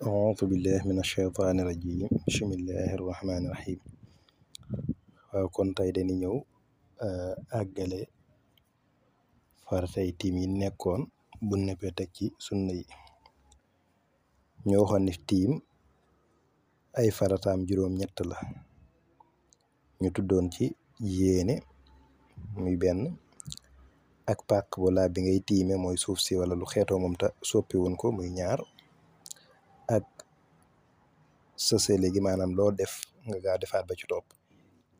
auzu billahi min asheytaani rajim bismillahi rahmaani rahim waaw kon tey dañu ñëw eh, àggale faratay tiim yi nekkoon bu nekkee teg ci sunna yi ñoo xam tiim ay farataam juróom-ñett la ñu tuddoon ci yéene muy benn ak pak wala bi ngay tiime mooy suuf si wala lu xeeto moom ta soppi woon ko muy ñaar so se gi maanaam loo def nga gaaw defaat ba ci topp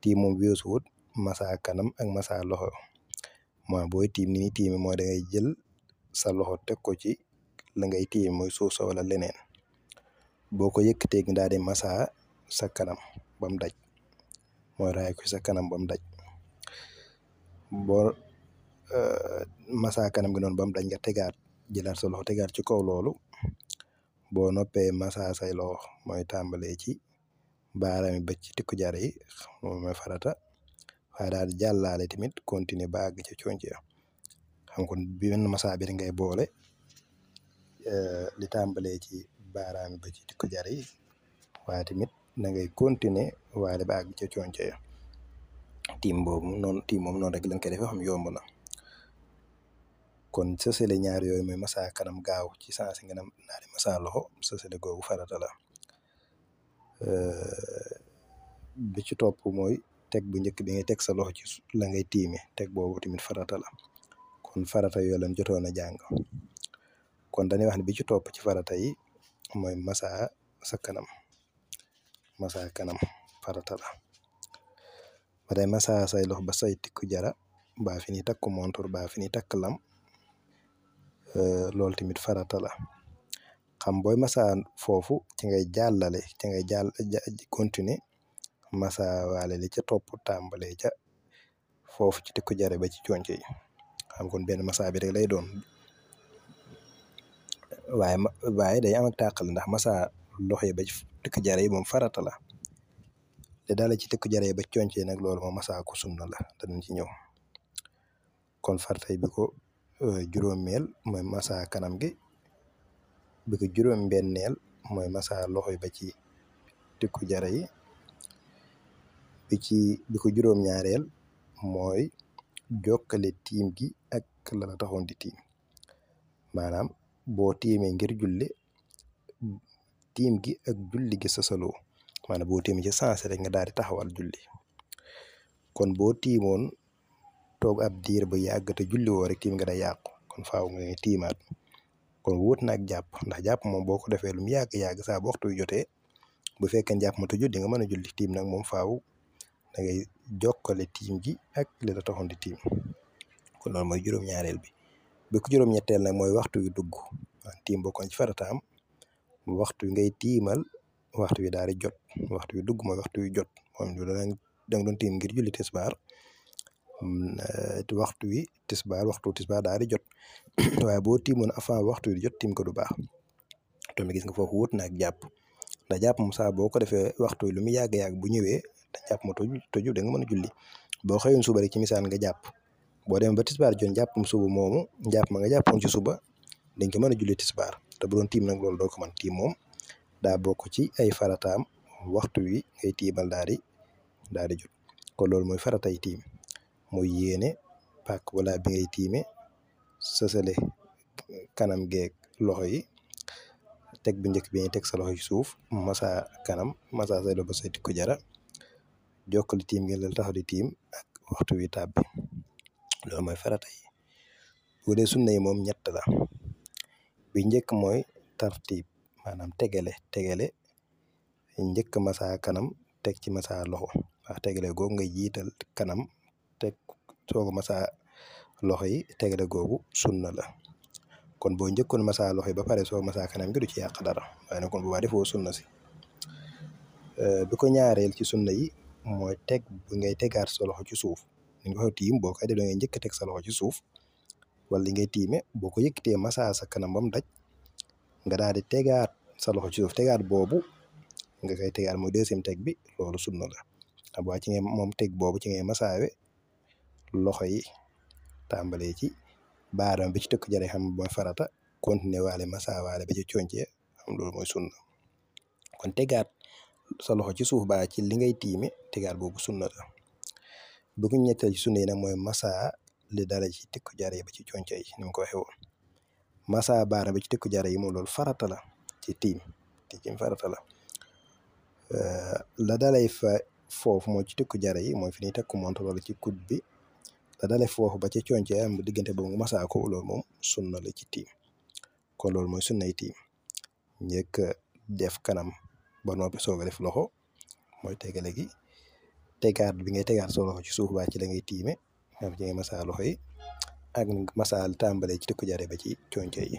tiim moom weesu wut masa kanam ak masa loxo mooy booy tiim ni ni tiime mooy da jël sa loxo teg ko ci la ngay tiime mooy suuf sa wala leneen boo ko yëkkatee nga daal di sa kanam bam daj mooy raay ko sa kanam bam daj boo euh, masa kanam gi noonu bam daj nga tegaat jëlaat sa loxo tegaat ci kaw loolu boo noppee masaa say loxo mooy tàmbalee ci baaraami bëccëg ku jar yi moom mooy farata waaye daal jàllaale tamit continuer ba àgg ci ya xam kon benn masaa bi ngay boole li eh, tàmbalee ci baaraami bëccëg ku jar yi waaye tamit da ngay continuer waale ba àgg ci conc ya tiim boobu noonu tiim moom noonu rek lañ koy defee xam yomb na. kon sësale ñaar yooyu mooy masa kanam gaaw ci sansi nga naa di masa loxo sësale googu farata la bi ci topp mooy teg bu njëkk bi ngay teg sa loxo ci la ngay tiime teg boobu tamit farata la kon farata yooyu lañ jotoon a jàng kon dañuy wax ne bi ci topp ci farata yi mooy masa sa kanam massa kanam farata la ba tey say loxo ba say tikku jara baa fi tak takk montur baa fi ni takk lam Euh, loolu tamit farata la xam booy masaan foofu ci ngay jàllale ci ngay jàll continuer wale li ca topp tàmbale ca foofu ci di ko jare ba ci conce yi kon benn masa bi rek lay doon waaye waaye day am ak tàqal ndax masa loxo yi ba ci tëkk jare yi moom farata la te daal ci tëkk jare yi ba ci yi nag loolu moom masa ko sunna la danañ ci ñëw kon faratay bi Euh, juróomeel mooy massa kanam gi bi ko juróom mooy massa loxo yi ba ci tikku jara yi ci bi ko ñaareel mooy jokkale tiim gi ak la la taxoon di tiim maanaam boo tiimee ngir julli tiim gi ak julli gi sasaloo maanaam boo tiimee ci sensé rek nga daal di taxawal julli kon boo tiimoon toog ab diir bu yàgg te julli rek tiim nga day yàqu kon faaw nga tiimaat kon wut na ak jàpp ndax jàpp moom boo ko defee lu mu yàgg-yàgg saa bu waxtu wi jote bu fekkee jàpp ma tëju di nga mën a julli tiim nag moom faaw jokkale tiim gi ak la taxoon di tiim kon loolu mooy juróom bi bi ko nag mooy waxtu wi dugg waaw tiim bokkoon ci farataam waxtu wi ngay tiimal waxtu wi daal di jot waxtu wi dugg mooy waxtu wi jot moom da nga doon tiim ngir julli tisbaar Eh, waxtu wi tisbaar waxtu tisbaar daal di jot waaye boo tiimoon avant waxtu wi jot tiim ko du baax to tamit gis nga foofu wut na ak jàpp ndax jàpp mu boo ko defee waxtu wi lu mu yàgg yàgg bu ñëwee da jàpp mu toju toju da nga mën a julli boo xëyoon suba rek ci misaan nga jàpp boo demee ba tisbaar jàpp mu suba moomu jàpp ma nga jàppoon ci suba dañ ko mën a julli tisbaar te bu doon tiim nag loolu doo ko mën tiim moom daa bokk ci ay farataam waxtu wi ngay tiimal daal di daal di jot kon loolu mooy faratay tiim muy yéene paak wala bi ngay tiime sësale kanam geeg loxo yi teg bu njëkk bi ngay teg sa loxo ci suuf masa kanam masa say loxo say tikku jara jokkali tiim gi la di tiim ak waxtu wi tàbbi loolu mooy farata moom ñett njëkk mooy tartiib maanaam tegale tegale njëkk masa kanam teg ci masa loxo ndax tegale googu kanam teg soog a loxo yi de tegale googu sunna la kon boo njëkkoon masaa loxo yi ba pare soog masaa kanam gi du ci yàq dara waaye nag kon bu baax defoo sunna si bi ko ñaareel ci sunna yi mooy teg bi ngay tegaat sa ci suuf li nga ko tiim boo koy def da ngay njëkk a teg sa ci suuf wala li ngay tiime boo ko yëkkatee masaa sa kanam ba daj nga daal tegaat sa ci suuf tegaat boobu nga koy tegaat mooy deuxième teg bi loolu sunna la waaye ci ngay moom teg boobu ci ngay loxo yi tàmbalee ci baaraam bi ci tëkk jare xam mooy farata kontine wale waale masaawaale ba ci coñcee xam loolu mooy sunna kon tegaat sa loxo ci suuf baa ci li ngay tiime tegaat boobu sunna la bu ko ñetteel ci sunna yi nag mooy masaa li dara ci tëkk jare ba ci coñce yi ni mu ko waxee woon masaa baaraam bi ci tëkk jare yi moom lool farata la ci tiim ci tiim farata la la dalay fa foofu mooy ci tëkk jare yi mooy fi ñuy takk montre wala ci kut bi te da def foofu ba ci cooñ ci am ba mu masaa ko loolu moom sunna la ci kon loolu mooy sunnay tiim njëkk def kanam ba noppi soog a def loxo mooy tegale gi tegaat bi ngay tegaat soo loxo ci suuf ba ci la ngay tiime am ci ngay masaa loxo yi ak masaa tàmbalee ci dëkku jaare ba ci cooñ yi.